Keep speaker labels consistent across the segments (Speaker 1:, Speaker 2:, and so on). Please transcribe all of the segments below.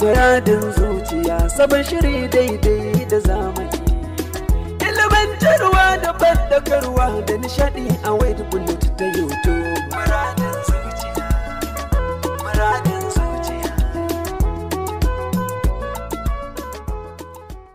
Speaker 1: Muradin zuciya sabon shiri daidai da zamani. Ilimantarwa da bandakarwa da nishadi a da bullet ta YouTube. Muradin zuciya, muradin zuciya.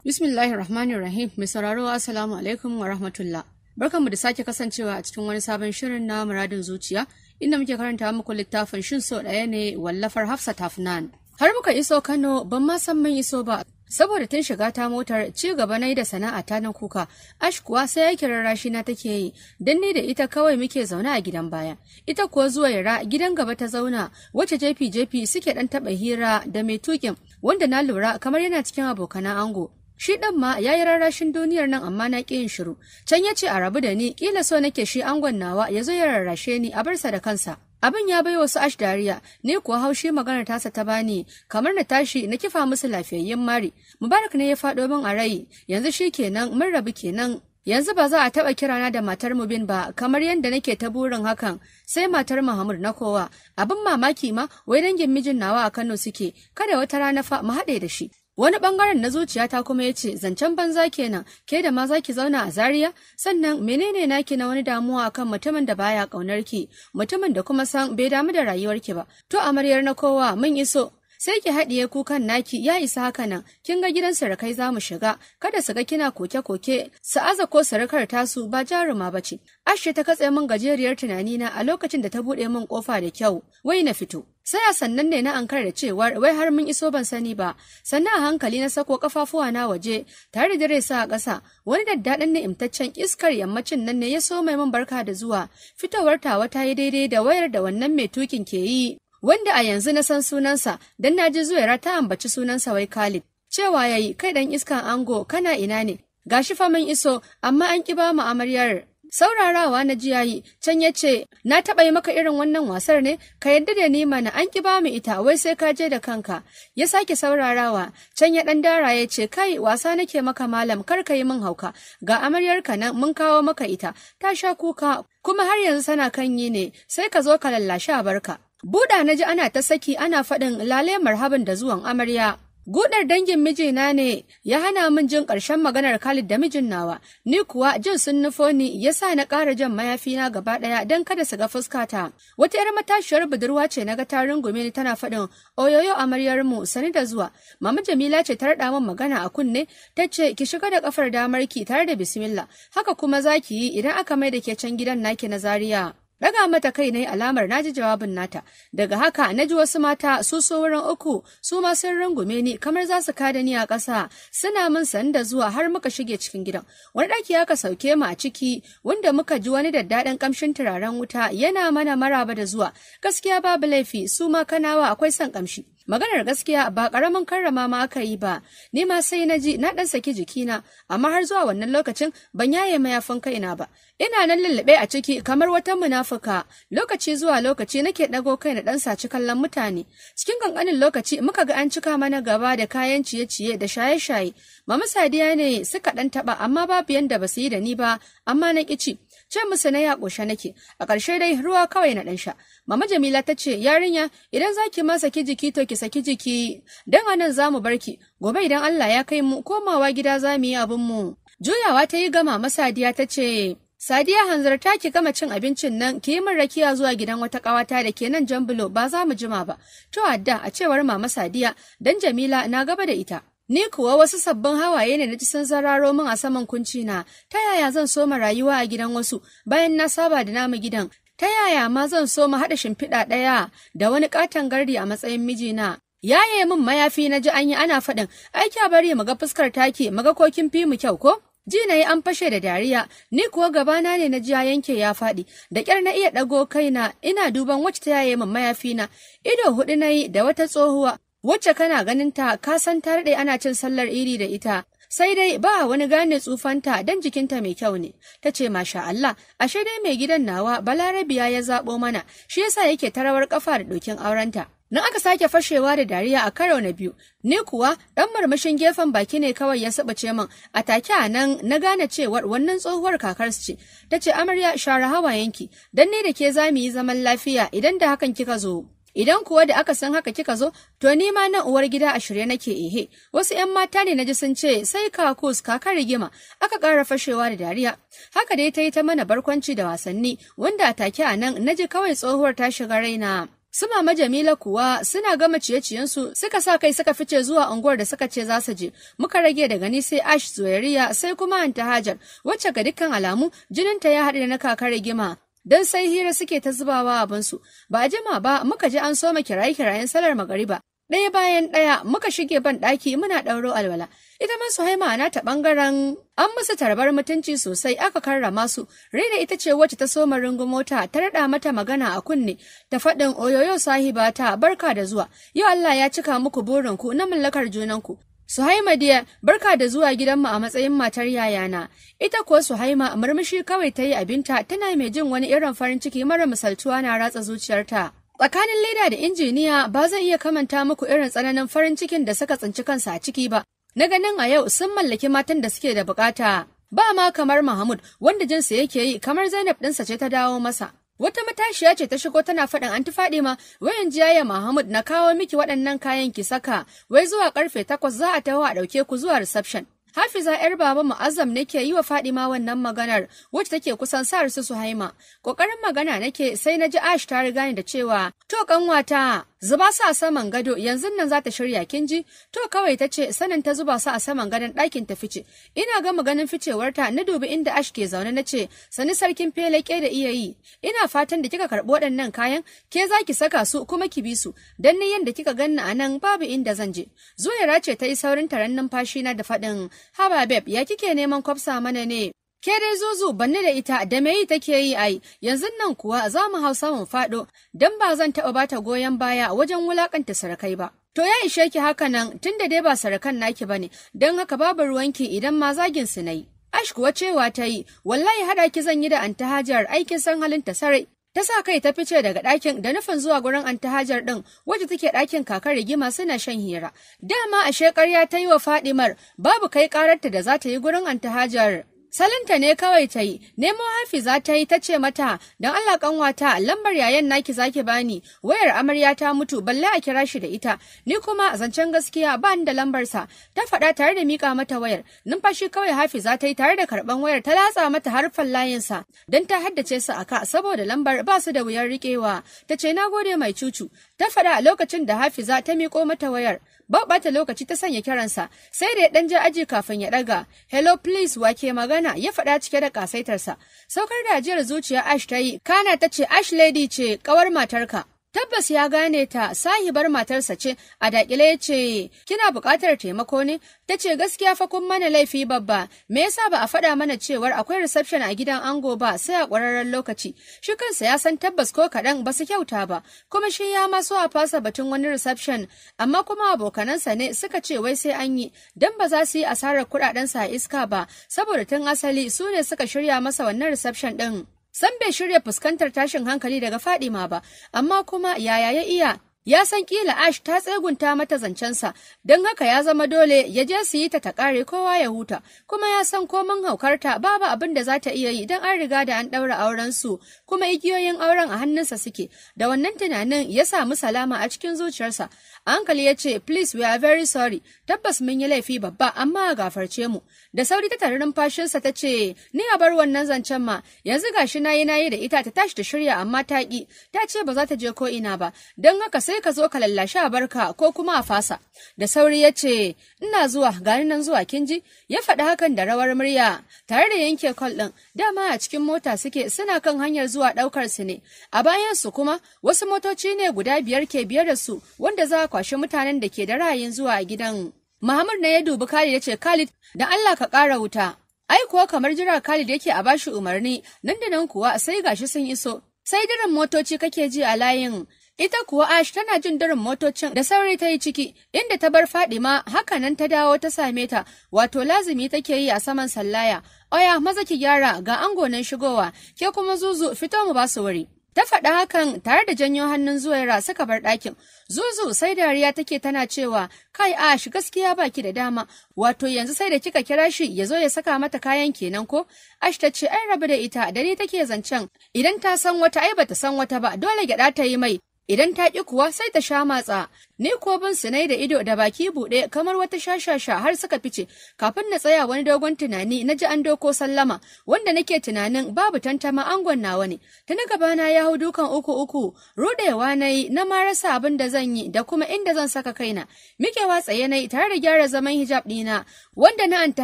Speaker 1: Bismillahir Rahmanir Rahim, mai sauraro Assalamu alaikum wa rahmatullah. Barkanmu da sake kasancewa a cikin wani sabon shirin na muradin zuciya inda muke karanta muku littafin shin so ɗaya ne wallafar Hafsat Tafnan. har muka iso Kano ban ma san mun iso ba saboda tun shiga ta motar ci gaba nayi da sana'a ta na kuka ash kuwa sai yake rarrashi na take yi dan ni da ita kawai muke zaune a gidan baya ita kuwa zuwa yara gidan gaba ta zauna wacce jefi jefi suke dan taba hira da mai tukin wanda na lura kamar yana cikin abokanan ango shi ɗan ma ya yi rarrashin duniyar nan amma na ƙi yin shiru can ya ce a rabu da ni ƙila so nake shi angon nawa ya zo ya rarrashe ni a barsa da kansa Abin ya bai wasu ash dariya, ne kuwa haushe magana tasa ta bani, kamar na tashi na kifa musu lafiyayyen mari. Mubarak ne ya faɗo min a rai, yanzu shi kenan mun rabu kenan. Yanzu ba za a taɓa kirana da matar mu bin ba, kamar yadda nake ta burin hakan, sai matar Muhammad na kowa. Abin mamaki ma, wai dangin mijin nawa a Kano suke, kada wata rana fa mu haɗe da shi. wani bangaren na zuciya ta kuma ya ce zancen banza kenan ke da ma zaki zauna a Zariya? sannan menene naki na wani damuwa akan mutumin da baya kaunar ki mutumin da kuma san bai damu da rayuwarki ba to amaryar na kowa mun iso sai ki haɗiye kukan naki ya isa haka nan kin ga gidan sarakai za mu shiga kada su ga kina koke-koke su aza ko sarakar tasu ba jaruma ba ce ashe ta katse min gajeriyar tunanina a lokacin da ta buɗe min ƙofa da kyau wai na fito sai a sannan ne na ankar da cewar wai har mun iso ban sani ba sannan a hankali na sako kafafuwa na waje tare da rai sa a ƙasa wani daddaɗin ni'imtaccen iskar yammacin nan ne ya so mai min barka da zuwa fitowar tawa ta yi daidai da wayar da wannan mai tukin ke yi wanda a yanzu na san sunansa don na ji zuwa ta ambaci sunansa wai Khalid. Cewa yayi kai dan iskan ango kana ina ne, gashi fa mun iso amma an ki ba mu amaryar. Saurarawa na ji yayi can ya ce na taɓa yi maka irin wannan wasar ne ka yadda da ni mana an ki ba mu ita wai sai ka je da kanka ya sake saurarawa can ya ɗan dara ya ce kai wasa nake maka malam kar ka yi min hauka ga amaryar ka nan mun kawo maka ita ta sha kuka kuma har yanzu sana kan yi ne sai ka zo ka lallashe a barka. Buɗa na ji ana ta saki ana faɗin lale marhaban da zuwan amarya. Gudar dangin mijina ne ya hana min jin ƙarshen maganar Khalid da mijin nawa, ni kuwa jin sun nufo ni ya sa na ƙara jan mayafina gaba ɗaya don kada su ga fuskata. Wata ‘yar matashiyar budurwa ce na ga tarin gume ni tana faɗin oyoyo amaryar mu sani da zuwa. Mama Jamila ce ta raɗa min magana a kunne ta ce ki shiga da ƙafar damar ki tare da bismillah haka kuma za ki yi idan aka mai da ke can gidan naki na Zariya. Raga mata kai na yi alamar na ji jawabin nata, daga haka na ji wasu mata su so wurin uku su ma sun rungume ni kamar za su kada ni a ƙasa suna min sanda zuwa har muka shige cikin gidan. Wani ɗaki aka sauke mu a ciki wanda muka ji wani daddaɗin ƙamshin turaren wuta yana mana maraba da zuwa gaskiya babu laifi su ma kanawa akwai son ƙamshi. maganar gaskiya ba karamin karrama ma aka yi ba ni ma sai na ji na dan saki jikina amma har zuwa wannan lokacin ban yaye mayafin kaina ba ina nan lullube a ciki kamar wata munafuka lokaci zuwa lokaci nake dago kai na dan saci kallon mutane cikin kankanin lokaci muka ga an cika mana gaba da kayan ciye-ciye da shaye-shaye mama sadiya ne suka dan taba amma babu yanda ba su yi da ni ba amma na ci. ce musu na ya ƙoshe nake a ƙarshe dai ruwa kawai na ɗan sha mama jamila ta ce yarinya idan za ki ma saki jiki to ki saki jiki dan nan za mu barki gobe idan Allah ya kai mu komawa gida za mu yi abin mu juyawa ta yi gama Sadiya ta ce Sadiya hanzarta ki gama cin abincin nan ki yi min rakiya zuwa gidan wata ƙawata da ke nan Jambulo ba za mu jima ba. To adda a cewar mama Sadiya dan Jamila na gaba da ita. Ni kuwa wasu sabbin hawaye ne na ji sun zararo min a saman kunci na, ta yaya zan soma rayuwa a gidan wasu bayan na saba da namu gidan, ta yaya ma zan soma haɗa shimfiɗa ɗaya da wani ƙaton gardi a matsayin mijina. Yaye min mayafi na ji an yi ana faɗin, ai kya bari mu ga fuskar take, mu ga kokin fi mu kyau ko? ji na yi an fashe da dariya ni kuwa gabana ne na ji yanke ya faɗi da kyar na iya ɗago kaina ina duban wacce ta yaye min mayafi na ido huɗu na yi da wata tsohuwa wacce kana ganinta ka san ta daɗe ana cin sallar iri da ita sai dai ba wani gane tsufanta don jikinta mai kyau ne ta ce masha Allah ashe dai mai gidan nawa balarabiya ya zaɓo mana shi yasa yake tarawar kafa da dokin aurenta nan aka sake fashewa da dariya a karo na biyu ni kuwa ɗan marmashin gefen baki ne kawai ya sabace min a take a nan na gane cewar wannan tsohuwar kakar su ce ta ce amarya share hawayenki dan ne da ke za mu yi zaman lafiya idan da hakan kika zo Idan kuwa da aka san haka kika zo, to ni ma nan uwar gida a shirye nake ihe. Wasu ‘yan mata ne na ji sun ce sai kakus kaka rigima, aka ƙara fashewa da dariya. Haka dai ta yi ta mana barkwanci da wasanni, wanda a take a nan naji kawai tsohuwar ta shiga raina. Su mama Jamila kuwa suna gama ciye-ciyensu suka sa kai suka fice zuwa unguwar da suka ce za su je. Muka rage daga ni sai Ash Zuwairiya sai kuma Anta Hajar wacce ga dukkan alamu jininta ya haɗu da na kaka rigima. don sai hira suke ta zubawa abinsu ba a jima ba muka ji an soma kiraye-kirayen salar magariba ɗaya bayan ɗaya muka shige ban ɗaki muna ɗauro alwala ita ma haima na ta ɓangaren an musu tarbar mutunci sosai aka karrama su rina ita ce wacce ta soma mota ta raɗa mata magana a kunne ta faɗin oyoyo sahiba ta barka da zuwa yau allah ya cika muku burinku na mallakar junanku Suhaima dia barka da zuwa gidanmu a matsayin matar yayana. Ita kuwa Suhaima murmushi kawai ta yi abinta tana mai jin wani irin farin ciki mara misaltuwa na ratsa zuciyarta. Tsakanin leda da injiniya ba zan iya kamanta muku irin tsananin farin cikin da suka tsinci kansa a ciki ba. Na ganin a yau sun mallaki matan da suke da bukata. Ba ma kamar Mahmud wanda jinsa yake yi kamar Zainab ɗinsa ce ta dawo masa. Wata matashiya ce ta shigo tana faɗin an anti ma. wayan jiyaya Muhammad na kawo miki waɗannan kayan ki saka, wai zuwa karfe takwas za a taho a ɗauke ku zuwa reception. Hafiza ‘yar baba Mu'azzam nake yi wa Fadima wannan maganar wacce take kusan sa su haima? Ƙoƙarin magana nake sai na ji Ash ta riga ni da cewa, "To ƙanwata. zuba su a saman gado yanzu nan za ta shirya kin ji to kawai ta ce sanin ta zuba su a saman gadon ɗakin ta fice ina gama ganin ficewarta na dubi inda ash ke zaune na ce sani sarkin feleke da iya yi ina fatan da kika karɓi waɗannan kayan ke za ki saka su kuma ki bi su dan ni yanda kika ganni a nan babu inda zan je zuwaira ce ta yi saurin taron numfashi na da faɗin haba beb ya kike neman kwafsa mana ne Ke dai zuzu banne da ita da me yi take yi ai, yanzu nan kuwa za mu hau samun faɗo, Dan ba zan taɓa bata goyon baya wajen wulakanta sarakai ba. To ya ishe ki haka nan tunda dai ba sarakan naki bane, dan haka babu ruwanki idan ma zagin su nayi yi. Ash kuwa cewa ta yi, wallahi haɗa ki zan yi da anta hajar aikin san halin ta sarai. Ta sa kai ta fice daga ɗakin da nufin zuwa gurin anta hajar ɗin wacce take ɗakin kakar rigima suna shan hira. Dama ashe ƙarya ta yi wa Fadimar babu kai ƙararta da za ta yi gurin anta hajar. Salinta ne kawai ta yi, nemo hafiza ta yi ta ce mata, don Allah kanwata lambar yayan naki zaki bani, wayar amarya ta mutu balle a kira shi da ita, ni kuma a zancen gaskiya ba ni da lambarsa, ta faɗa tare da miƙa mata wayar, numfashi kawai hafiza ta yi tare da karɓan wayar ta latsa mata harfan layinsa, don ta haddace su a ka saboda lambar ba su da wuyar riƙewa, ta ce na gode mai cucu, ta faɗa a lokacin da hafiza ta miƙo mata wayar, Babba bata lokaci ta sanya kiransa sai da ya dan ji aji kafin ya ɗaga. hello please wake magana ya faɗa cike da kasaitarsa saukar da ajiyar zuciya ash ta yi kana ta ce ash lady ce kawar matarka Tabbas ya gane ta sahibar matarsa ce a dakile ya ce kina buƙatar taimako ne ta ce gaskiya fa kun mana laifi babba me yasa ba a faɗa mana cewar akwai reception a gidan ango ba sai a ƙwararren lokaci shi kansa ya san tabbas ko kaɗan ba su kyauta ba kuma shi ya ma so a fasa batun wani reception amma kuma abokanansa ne suka ce wai sai an yi dan ba za su yi asarar kuɗaɗensa a iska ba saboda tun asali su ne suka shirya masa wannan reception ɗin. San bai shirya fuskantar tashin hankali daga Fadima ba, amma kuma yaya ya iya ya san kila ash ta tsegunta mata zancensa don haka ya zama dole ya je su yi ta ta kare kowa ya huta kuma ya san komin haukarta babu abin da za ta iya yi don an riga da an ɗaura aurensu kuma igiyoyin auren a hannunsa suke da wannan tunanin ya samu salama a cikin zuciyarsa hankali ya ce please we are very sorry tabbas mun yi laifi babba amma a gafarce mu da sauri ta tare numfashinsa ta ce ni a bar wannan zancen ma yanzu gashi na yi nayi da ita ta tashi ta shirya amma ta ki ta ce ba za ta je ko ina ba don haka sai ka zo ka lallashi a barka ko kuma a fasa da sauri ya ce ina zuwa gani nan zuwa kinji ya faɗi hakan da rawar murya tare da yanke kwal ɗin dama a cikin mota suke suna kan hanyar zuwa ɗaukar su ne a bayan su kuma wasu motoci ne guda biyar ke biyar da su wanda za a kwashi mutanen da ke da ra'ayin zuwa gidan Muhammad na ya dubi Khalid ya ce Khalid da Allah ka ƙara wuta ai kuwa kamar jira Khalid yake a bashi umarni nan da nan kuwa sai gashi sun iso sai diran motoci kake ji a layin Ita kuwa Ash tana jin durin motocin da sauri ta yi ciki, inda ta bar Fadima hakanan ta dawo ta same ta, wato lazumi take yi a saman sallaya. Oya maza ki gyara ga ango nan shigowa, ke kuma zuzu fito mu ba su wuri. Ta faɗa hakan tare da janyo hannun zuwaira suka bar ɗakin. Zuzu sai dariya take tana cewa, kai Ash gaskiya baki da dama, wato yanzu sai da kika kira shi ya zo ya saka mata kayan kenan ko? Ash ta ce ai rabu da ita da ni take zancen, idan ta san wata ai bata san wata ba dole gyaɗa ta yi mai, idan ta ƙi kuwa sai ta sha matsa ni ko bin su da ido da baki buɗe kamar wata shashasha har suka fice kafin na tsaya wani dogon tunani na ji an doko sallama wanda nake tunanin babu tantama angon nawa ne na gabana ya hau dukan uku uku ruɗewa na yi na marasa rasa abin da zan yi da kuma inda zan saka kaina mikewa tsaye na yi tare da gyara zaman hijab ɗina wanda na anta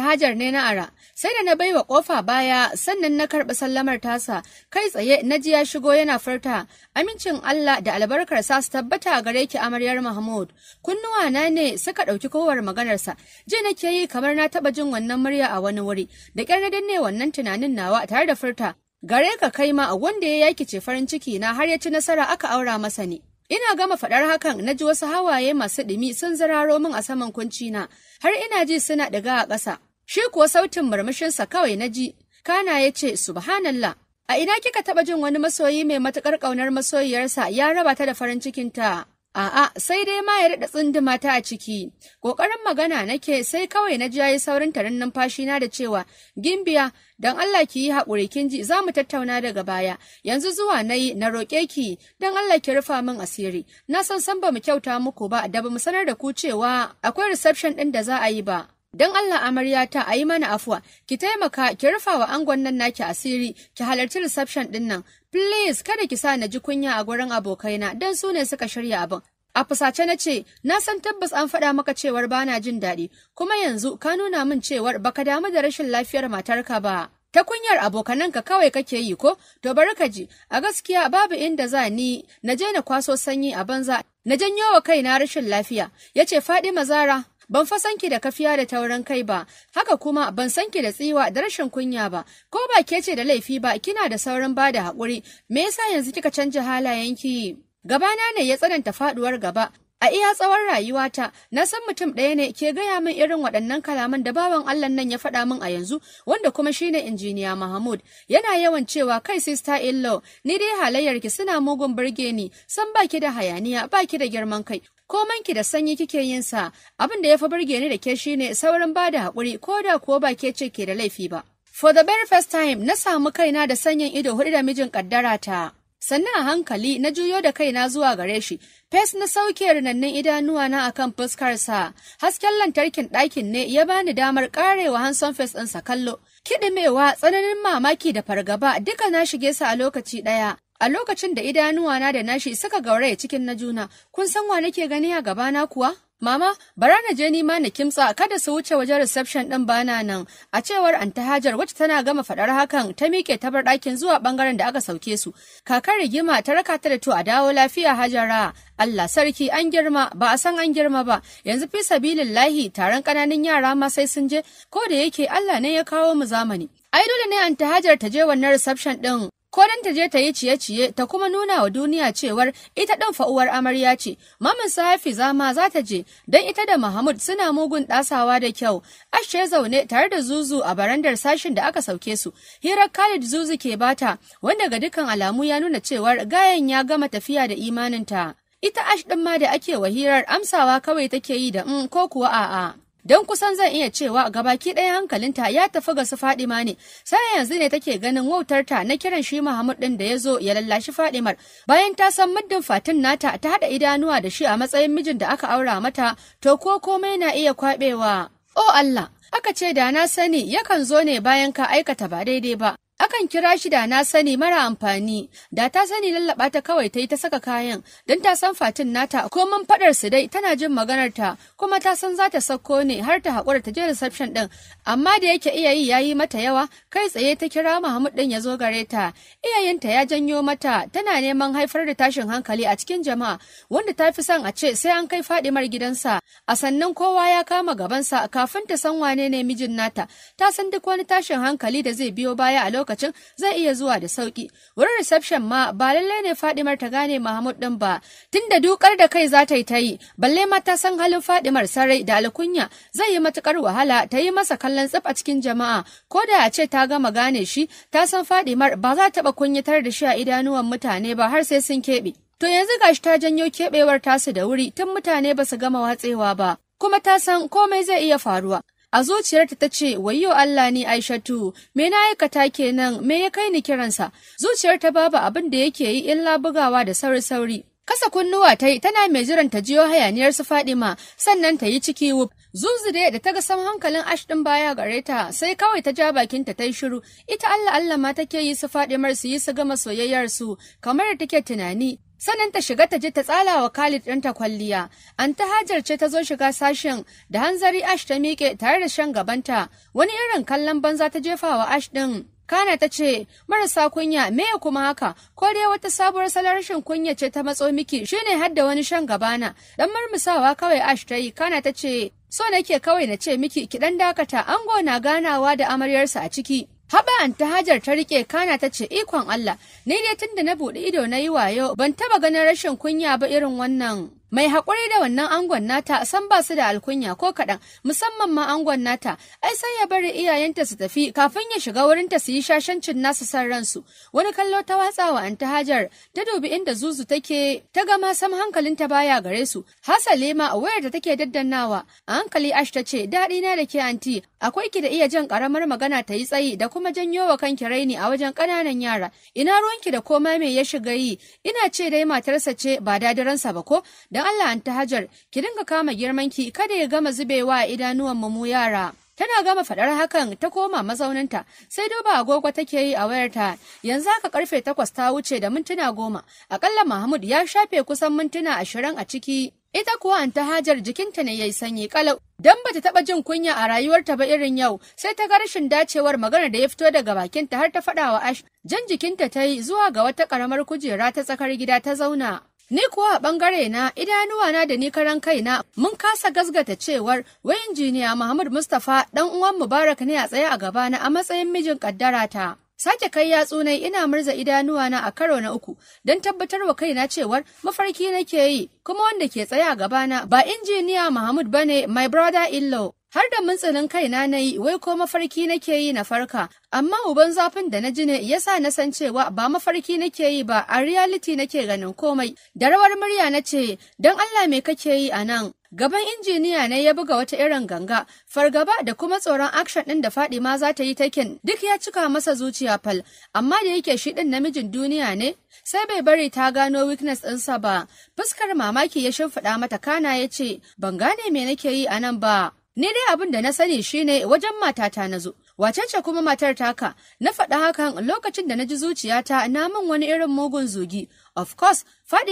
Speaker 1: hajar ne na ara sai da na baiwa kofa baya sannan na karɓi sallamar tasa kai tsaye na ji ya shigo yana furta amincin Allah da albarkarsa su tabbata gare ki amaryar Muhammad Mahmud. Kunnuwa na ne suka ɗauki kowar maganarsa. Je nake yi kamar na taɓa jin wannan murya a wani wuri. Da ƙyar na danne wannan tunanin nawa tare da furta. Gare ka kai ma wanda ya yaki ce farin ciki na har ya ci nasara aka aura masa ne. Ina gama faɗar hakan na ji wasu hawaye masu ɗumi sun zararo min a saman kunci na har ina ji suna ɗiga a ƙasa. Shi kuwa sautin murmushinsa kawai na ji, kana ya ce, Subhanallah, a ina kika taɓa jin wani masoyi mai matuƙar ƙaunar masoyiyarsa ya raba ta da farin cikinta. A'a, sai dai ma ya daɗa tsunduma ta a ciki. Ƙoƙarin magana nake sai kawai na ji ya yi saurin tarin numfashi na da cewa Gimbiya don Allah ki yi haƙuri kin ji za mu tattauna daga baya. Yanzu zuwa na yi na roƙe ki don Allah ki rufa min asiri. Na san san ba mu kyauta muku ba da ba mu sanar da ku cewa akwai reception ɗin da za a yi ba. Don Allah amarya ta. a yi mana afuwa, ki taimaka ki rufa wa angon nan naki asiri, ki halarci reception ɗin nan, Please kada ki sa na ji kunya a gurin abokaina don su ne suka shirya abin. A fusace na ce, na san tabbas an faɗa maka cewar bana jin daɗi, kuma yanzu ka nuna min cewar baka damu da rashin lafiyar matarka ba. ta kunyar abokananka kawai kake yi ko to bari ka ji a gaskiya babu inda za ni na je na kwaso sanyi a banza na janyo wa kaina rashin lafiya yace Fadima Zara ban fa san ki da kafiya da taurin kai ba haka kuma ban san ki da tsiwa da rashin kunya ba ko ba ke ce da laifi ba kina da saurin ba da haƙuri me yasa yanzu kika canja halayenki gabana ne ya tsananta faduwar gaba A iya tsawon rayuwata, na san mutum ɗaya ne ke gaya min irin waɗannan kalaman da bawan Allah nan ya faɗa min a yanzu, wanda kuma shine injiniya Mahmud. Yana yawan cewa kai "sister in law". ni dai halayyarki suna mugun burge ni, san baki da hayaniya, baki da girman kai, Ko ki da sanyi kike yin sa abin da ya fi burge ni da ke ne, saurin bada haƙuri ko da kuwa ba ke ce ke da laifi ba for the very first time na samu kaina da sanyin ido hudu da mijin kaddara ta sannan a hankali na juyo da kaina zuwa gare shi fes na sauke rinannin idanuwa na akan fuskarsa hasken lantarkin ɗakin ne ya bani damar karewa hanson fes ɗinsa kallo kiɗimewa tsananin mamaki da fargaba duka na shige sa a lokaci ɗaya A lokacin da idanuwa na da nashi suka gauraya cikin na juna, kun san wa nake gani a gabana kuwa? Mama, bara na je nima na kimtsa kada su wuce wajen reception ɗin bana nan, a cewar Anta Hajar wacce tana gama faɗar hakan ta miƙe ta bar ɗakin zuwa ɓangaren da aka sauke su. Kakar rigima ta raka ta da to a dawo lafiya Hajara, Allah sarki an girma ba a san an girma ba, yanzu fi lahi taron ƙananan yara ma sai sun je, ko da yake Allah ne ya kawo mu zamani. Ai dole ne Anta Hajar ta je wannan reception ɗin ko dan ta je ta yi ciye-ciye ta kuma nuna wa duniya cewar ita ɗan fa'uwar amarya ce maman su hafiza za ta je don ita da mahmud suna mugun ɗasawa da kyau ashe zaune tare da zuzu a barandar sashin da aka sauke su hirar khalid zuzu ke bata wanda ga dukkan alamu ya nuna cewar gayan ya gama tafiya da imaninta ita ash ɗin ma da ake wa hirar amsawa kawai take yi da in mm, ko kuwa a'a. don kusan zan iya cewa gabaki ɗaya hankalinta ya tafi ga su Fadima ne sai yanzu ne take ganin wautarta na kiran shi Muhammad din da ya zo ya lallashi Fadimar bayan ta san muddin fatin nata ta haɗa idanuwa da shi a matsayin mijin da aka aura mata to ko komai na iya kwabewa o oh Allah aka ce da na sani yakan zo ne bayan ka aikata ba daidai ba Akan kira shi da na sani mara amfani, da ta sani lallaba ta kawai ta yi ta saka kayan, don ta san fatin nata ko mun faɗar su dai tana jin maganar ta, kuma ta san za ta sako ne har ta haƙura ta je reception ɗin, amma da yake iyayi ya yi mata yawa, kai tsaye ta kira Muhammad ɗin ya zo gare ta, iyayenta ya janyo mata, tana neman haifar da tashin hankali a cikin jama'a, wanda ta fi son a ce sai an kai Fadimar gidansa, a sannan kowa ya kama gabansa kafin ta san wane ne mijin nata, ta san duk wani tashin hankali da zai biyo baya a lokacin lokacin zai iya zuwa da sauki wurin reception ma ba lallai ne fadimar ta gane mahmud din ba tunda dukar da kai za ta yi ta yi balle ma ta san halin fadimar sarai da alkunya zai yi matukar wahala ta yi masa kallon tsaf a cikin jama'a ko da a ce ta gama gane shi ta san fadimar ba za ta ba kunyatar da shi a idanuwan mutane ba har sai sun keɓe To yanzu gashi ta janyo keɓewar tasu da wuri tun mutane ba su gama watsewa ba, kuma ta san komai zai iya faruwa. a zuciyarta ta ce Wayo Allah ni Aishatu me na aikata kenan me ya kai ni kiransa zuciyarta babu abin da yake yi illa bugawa da sauri sauri kasa kunnuwa ta yi tana mai jiran ta jiyo hayaniyar su Fadima sannan ta yi ciki wuf zuzure da ta ga sam hankalin ash din baya gare ta sai kawai ta ja bakin ta tai shiru ita Allah Allah ma take yi su Fadimar su yi su gama soyayyar su kamar da take tunani Sanin ta shiga ta je ta tsala wa Khalid ta kwalliya, an ta hajar ce ta zo shiga sashen da hanzari Ash ta miƙe tare da shan gabanta, wani irin kallon banza ta jefa wa Ash ɗin. Kana ta ce, marasa kunya, me kuma haka, ko dai wata sabuwar salar rashin kunya ce ta matso miki shine har da wani shan gabana, dan marmusawa kawai Ash ta yi, kana ta ce, so nake kawai na ce miki ki dan dakata ango na ganawa da amaryarsa a ciki. Haɓa an ta hajar ta rike kana ta ce ikon Allah, ni dai tun da na buɗe ido na yi wayo ban taba ganin rashin kunya ba irin wannan Mai haƙuri da wannan angon nata san ba su da alkunya ko kaɗan, musamman ma angon nata, ai sai ya bari iyayenta su tafi kafin ya shiga wurinta su yi shashancin nasu san ransu. Wani kallo ta watsa wa anta Hajar, ta dubi inda Zuzu take, ta gama sam hankalinta baya gare su. Hasale ma a wayar da take daddannawa, a hankali Ash ta ce, daɗi na da ke anti, akwai ki da iya jan ƙaramar magana ta yi tsayi da kuma janyo wa kanki raini a wajen ƙananan yara. Ina ruwanki da koma me ya shiga yi, ina ce dai matarsa ce ba dadiransa ba ko, don Allah an ta hajar ki dinga kama girman ki kada ya gama zubewa a idanuwan mu yara tana gama faɗar hakan ta koma mazauninta sai duba agogo take yi a wayarta yanzu haka karfe takwas ta wuce da mintuna goma akalla mahmud ya shafe kusan mintuna ashirin a ciki ita kuwa an ta hajar jikinta ne yayi sanyi kalau dan bata taba jin kunya a rayuwarta ba irin yau sai ta ga rashin dacewar magana da ya fito daga bakinta har ta faɗawa ash jan jikinta ta yi zuwa ga wata karamar kujera ta tsakar gida ta zauna Ni kuwa a ɓangare na idanuwa na da ni karan kaina mun kasa gasgata cewar wai injiniya Muhammad Mustapha ɗan uwan Mubarak ne a tsaye a gabana a matsayin mijin kaddara ta. Sake kai yatsu na ina murza idanuwana a karo na uku don tabbatar wa kaina cewar mafarki nake yi kuma wanda ke tsaye a gabana ba injiniya Muhammad bane my brother in law har da muntsinin kaina na yi wai ko mafarki nake yi na farka amma uban zafin da na ji ne sa na san cewa ba mafarki nake yi ba a reality nake ganin komai da rawar murya na ce don Allah me kake yi a nan gaban injiniya ne ya buga wata irin ganga fargaba da kuma tsoron action din da ma za ta yi taken duk ya cika masa zuciya fal amma da yake shi din namijin duniya ne sai bai bari ta gano weakness ɗinsa ba fuskar mamaki ya shimfiɗa mata kana ya ce ban gane me nake yi a nan ba Ni dai abin da na sani shine wajen matata na zo. Wacece kuma matar taka? Na faɗi hakan lokacin da na ji zuciyata na min wani irin mugun zugi. Of course,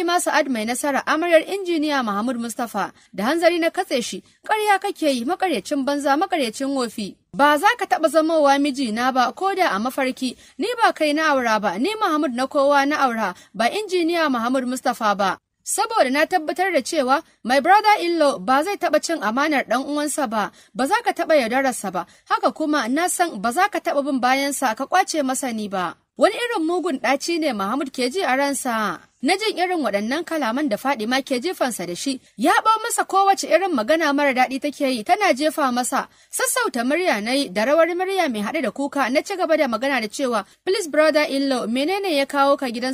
Speaker 1: ma Sa'ad mai nasara amaryar injiniya Muhammad Mustapha da hanzari na katse shi, ƙarya kake yi makaryacin banza makaryacin wofi. Ba za ka taɓa zamowa mijina ba ko da a mafarki, ni ba kai na aura ba, ni Muhammad na kowa na aura ba injiniya Muhammad Mustapha ba. saboda na tabbatar da cewa my brother in law ba zai taba cin amanar ɗan uwansa ba ba za ka taɓa yaudararsa ba haka kuma na san ba za ka taba bin bayansa ka kwace masa ni ba wani irin mugun ɗaci ne Muhammad ke ji a ransa na jin irin waɗannan kalaman da Fadima ke jefansa da shi ya ba masa kowace irin magana mara daɗi take yi tana jefa masa sassauta murya na yi da rawar murya mai haɗe da kuka na ci gaba da magana da cewa please brother in law menene ya kawo ka gidan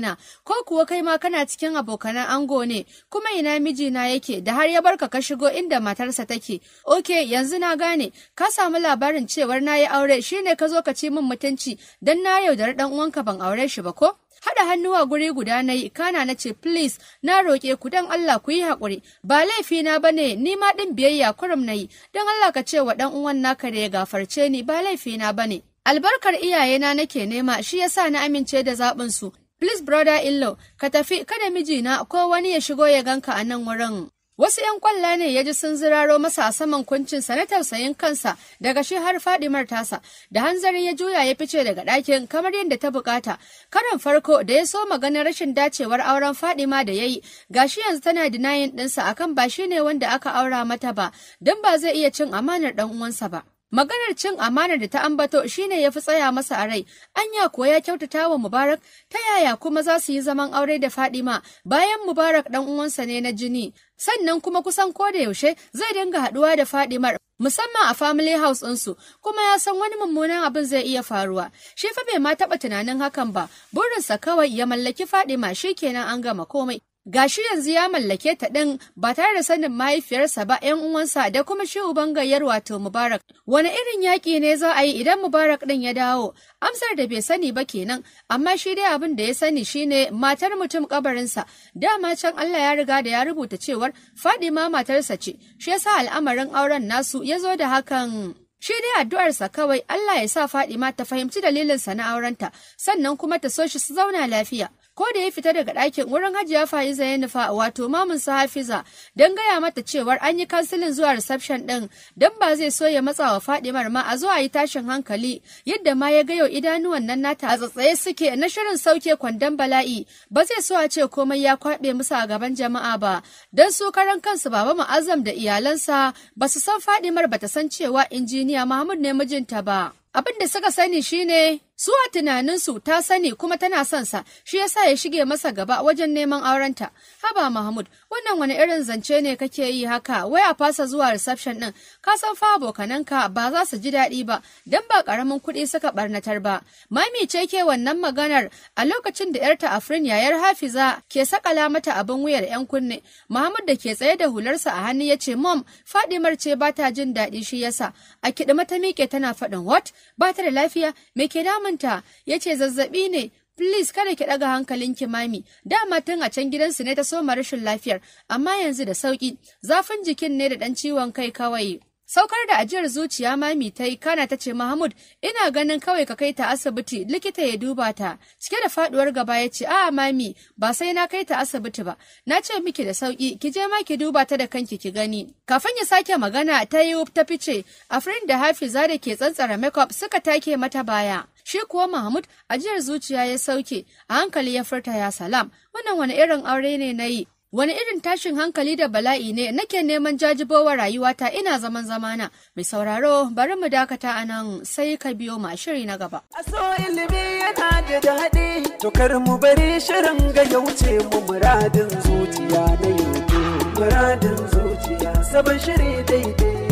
Speaker 1: na ko kuwa kai ma kana cikin abokanan ango ne kuma ina mijina yake da har ya barka ka shigo inda matarsa take ok yanzu na gane ka samu labarin cewar na yi aure shine ka zo ka ci min mutunci don na yaudari ɗan uwanka ban aure shi ba ko haɗa hannuwa guri guda na yi kana na ce please na roƙe ku dan Allah ku yi haƙuri ba laifi na ba ne, ni ma ɗin biyayya kurum na yi Don Allah ka ce wa ɗan uwan naka da ya gafarce ni ba laifi na ba ne. albarkar iyayena nake nema shi ya sa na amince da zaɓin su please brother in law ka tafi kada mijina ko wani ya shigo ya ganka a nan wurin Wasu 'yan kwalla ne ya ji sun ziraro masa a saman kuncinsa na tausayin kansa daga shi har faɗimar tasa, da hanzari ya juya ya fice daga ɗakin kamar yadda ta bukata. karin farko da ya so maganar rashin dacewar auren faɗima da ya yi, ga shi yanzu tana dinayin ɗinsa akan ba shi ne wanda aka aura mata ba, don ba zai iya cin amanar ɗan uwansa ba. Maganar cin amanar da ta ambato shine ya fi tsaya masa a rai, anya kuwa ya kyautata wa Mubarak ta yaya kuma za su yi zaman aure da Fadima bayan Mubarak ɗan uwansa ne na jini, sannan kuma kusan ko da yaushe zai dinga haɗuwa da Fadimar musamman a family house ɗinsu kuma ya san wani mummunan abin zai iya faruwa. Shi bai ma taɓa tunanin hakan ba, burinsa kawai ya mallaki Fadima kenan an gama komai. Ga shi yanzu ya mallake ta ɗin ba tare da sanin mahaifiyarsa ba ‘yan uwansa da kuma shi ubangayyar wato Mubarak. Wani irin yaƙi ne za a yi idan Mubarak ɗin ya dawo? Amsar da bai sani ba kenan, amma shi dai abin da ya sani shine matar mutum ƙabarinsa. Dama can Allah ya riga da ya rubuta cewar Fadima matarsa ce, shi yasa al'amarin auren nasu ya zo da hakan. Shi dai addu'arsa kawai Allah ya sa Fadima ta fahimci dalilinsa na aurenta, sannan kuma ta so shi su zauna lafiya. ko da ya fita daga ɗakin wurin hajiya fa'iza ya nufa wato mamun su hafiza don gaya mata cewar an yi kansilin zuwa reception ɗin don ba zai so ya matsa wa fadimar ma a zo a yi tashin hankali yadda ma ya gayo idanuwan nan nata a tsatsaye suke na shirin sauke kwandon bala'i ba zai so a ce komai ya kwaɓe musu a gaban jama'a ba don su karan kansu baba mu'azzam da iyalansa ba su san fadimar ba ta san cewa injiniya mahmud ne mijinta ba. Abin da suka sani shine su a tunaninsu ta sani kuma tana son sa shi yasa ya shige masa gaba wajen neman aurenta haba mahmud wannan wani irin zance ne kake yi haka wai a fasa zuwa reception din ka san fa abokananka ba za su ji daɗi ba dan ba karamin kuɗi suka barnatar ba mami ce ke wannan maganar a lokacin da yarta afrin yayar hafiza ke sakala mata abin wuyar yan kunne mahmud da ke tsaye da hularsa a hannu ya ce mom fadimar ce ba ta jin daɗi shi yasa a kiɗi mata miƙe tana faɗin what ba ta da lafiya me ke damu damunta ya ce zazzaɓi ne Please kada ki ɗaga hankalin ki mami. Dama tun a can gidansu ne ta soma rashin lafiyar, amma yanzu da sauki. Zafin jikin ne da ɗan ciwon kai kawai. Saukar da ajiyar zuciya mami ta yi kana ta ce Mahmud ina ganin kawai ka kai ta asibiti likita ya duba ta. Cike da faduwar gaba ya ce a ah, mami ba sai na kai ta asibiti ba. Na ce miki da sauki ki je ma ki duba ta da kanki ki gani. Kafin ya sake magana ta yi ta fice Afrin da Hafiza da ke tsantsara makeup suka take mata baya. shi kuwa Mahmud ajiyar zuciya ya sauke a hankali ya furta ya salam wannan wani irin aure ne na yi wani irin tashin hankali da bala'i ne nake neman jajibowa rayuwata ina zaman zamana mai sauraro bari mu dakata a nan sai ka biyo ma shiri na gaba aso ilimi yana da daɗi Tokar mu bari shirin ga mu muradin zuciya na yau muradin zuciya sabon shiri daidai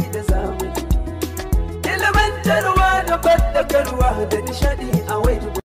Speaker 1: Ilimantarwa da fadakarwa da nishadi a waje